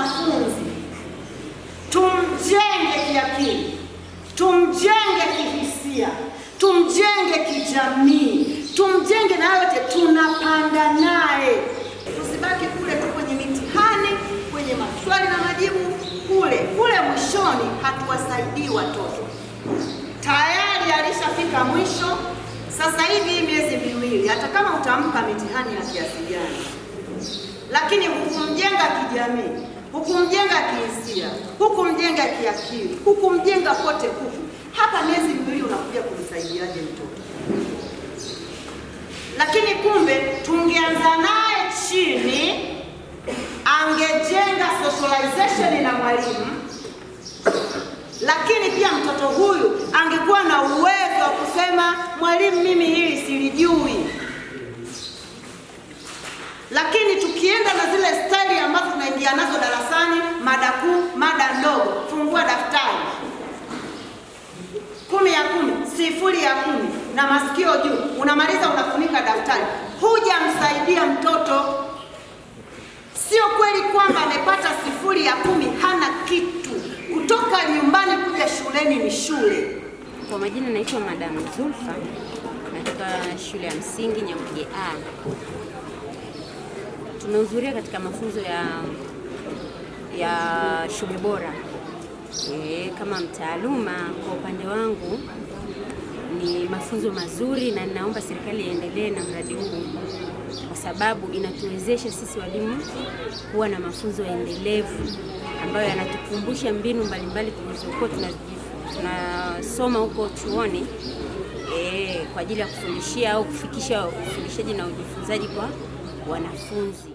wanafunzi, tumjenge kiakili, tumjenge kihisia, tumjenge kijamii, tumjenge na yote tunapanda naye, tusibaki kule tu kwenye mitihani, kwenye maswali na majibu kule kule. Mwishoni hatuwasaidii watoto, tayari alishafika mwisho. Sasa hivi hii miezi miwili, hata kama utampa mitihani ya kiasi gani, lakini hukumjenga kijamii hukumjenga kihisia, hukumjenga kiakili, hukumjenga kote huku, hata miezi miwili unakuja kumsaidiaje mtoto? Lakini kumbe tungeanza naye chini, angejenga socialization na mwalimu, lakini pia mtoto huyu angekuwa na uwezo wa kusema, mwalimu, mimi hili silijui lakini tukienda na zile stari ambazo tunaingia nazo darasani, mada kuu, mada ndogo, fungua daftari kumi ya kumi, sifuri ya kumi na masikio juu, unamaliza unafunika daftari, hujamsaidia mtoto. Sio kweli kwamba amepata sifuri ya kumi, hana kitu. Kutoka nyumbani kuja shuleni ni shule. Kwa majina naitwa Madam Zulfa, natoka shule ya msingi Nyamuge A. Tumehudhuria katika mafunzo ya ya shule bora e, kama mtaaluma kwa upande wangu ni mafunzo mazuri, na ninaomba serikali iendelee na mradi huu kwa sababu inatuwezesha sisi walimu kuwa na mafunzo endelevu ambayo yanatukumbusha mbinu mbalimbali tulizokuwa tunasoma huko chuoni e, kwa ajili ya kufundishia au kufikisha ufundishaji na ujifunzaji kwa wanafunzi.